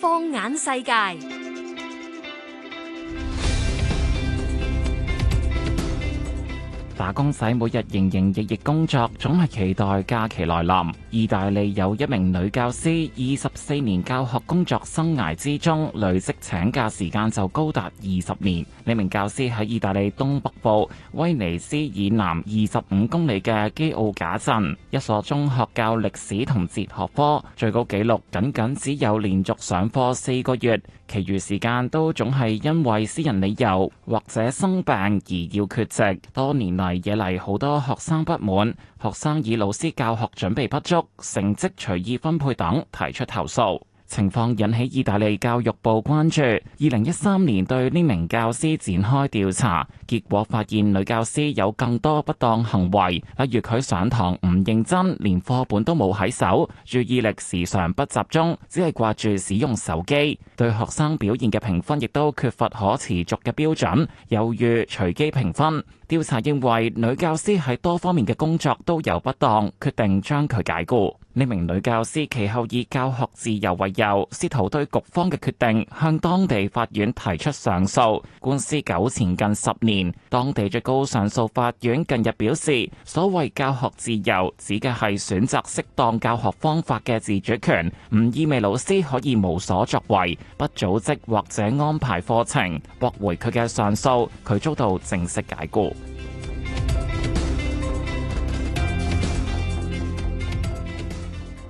放眼世界。打工仔每日營營役役工作，總係期待假期來臨。意大利有一名女教師，二十四年教學工作生涯之中，累積請假時間就高達二十年。呢名教師喺意大利東北部威尼斯以南二十五公里嘅基奧賈鎮，一所中學教歷史同哲學科，最高紀錄僅僅只有連續上課四個月。其餘時間都總係因為私人理由或者生病而要缺席。多年嚟惹嚟好多學生不滿，學生以老師教學準備不足、成績隨意分配等提出投訴。情況引起意大利教育部關注。二零一三年對呢名教師展開調查，結果發現女教師有更多不當行為，例如佢上堂唔認真，連課本都冇喺手，注意力時常不集中，只係掛住使用手機。對學生表現嘅評分亦都缺乏可持續嘅標準，猶如隨機評分。調查認為女教師喺多方面嘅工作都有不當，決定將佢解僱。呢名女教師其後以教學自由為由，試圖對局方嘅決定向當地法院提出上訴。官司糾纏近十年，當地最高上訴法院近日表示，所謂教學自由指嘅係選擇適當教學方法嘅自主權，唔意味老師可以無所作為，不組織或者安排課程。駁回佢嘅上訴，佢遭到正式解僱。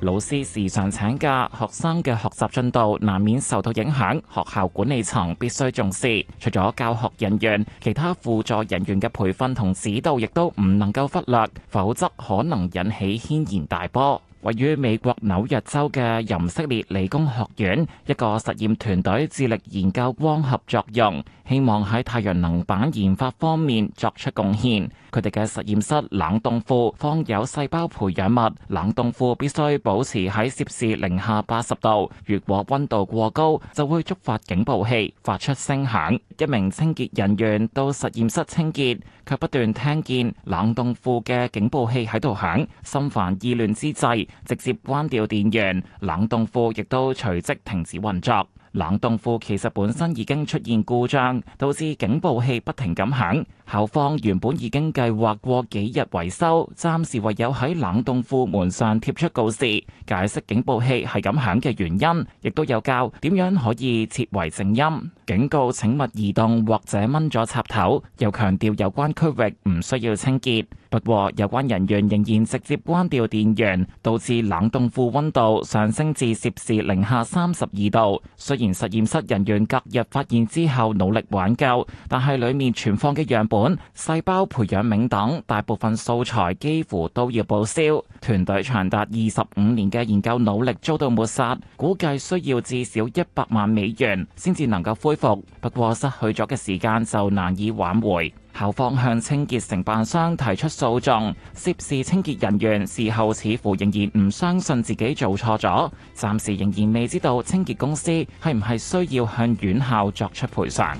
老師時常請假，學生嘅學習進度難免受到影響。學校管理層必須重視，除咗教學人員，其他輔助人員嘅培訓同指導亦都唔能夠忽略，否則可能引起軒然大波。位於美國紐約州嘅任色列理工學院，一個實驗團隊致力研究光合作用，希望喺太陽能板研發方面作出貢獻。佢哋嘅實驗室冷凍庫放有細胞培養物，冷凍庫必須保持喺攝氏零下八十度。如果温度過高，就會觸發警報器發出聲響。一名清潔人員到實驗室清潔，卻不斷聽見冷凍庫嘅警報器喺度響，心煩意亂之際。直接關掉電源，冷凍庫亦都隨即停止運作。冷凍庫其實本身已經出現故障，導致警報器不停咁響。校方原本已經計劃過幾日維修，暫時唯有喺冷凍庫門上貼出告示，解釋警報器係咁響嘅原因，亦都有教點樣可以設為靜音，警告請勿移動或者掹咗插頭，又強調有關區域唔需要清潔。不過，有關人員仍然直接關掉電源，導致冷凍庫溫度上升至攝氏零下三十二度。所以實驗室人員隔日發現之後，努力挽救，但係裏面存放嘅樣本、細胞培養皿等大部分素材幾乎都要報銷。團隊長達二十五年嘅研究努力遭到抹殺，估計需要至少一百萬美元先至能夠恢復。不過失去咗嘅時間就難以挽回。校方向清潔承辦商提出訴訟，涉事清潔人員事後似乎仍然唔相信自己做錯咗，暫時仍然未知道清潔公司係唔係需要向院校作出賠償。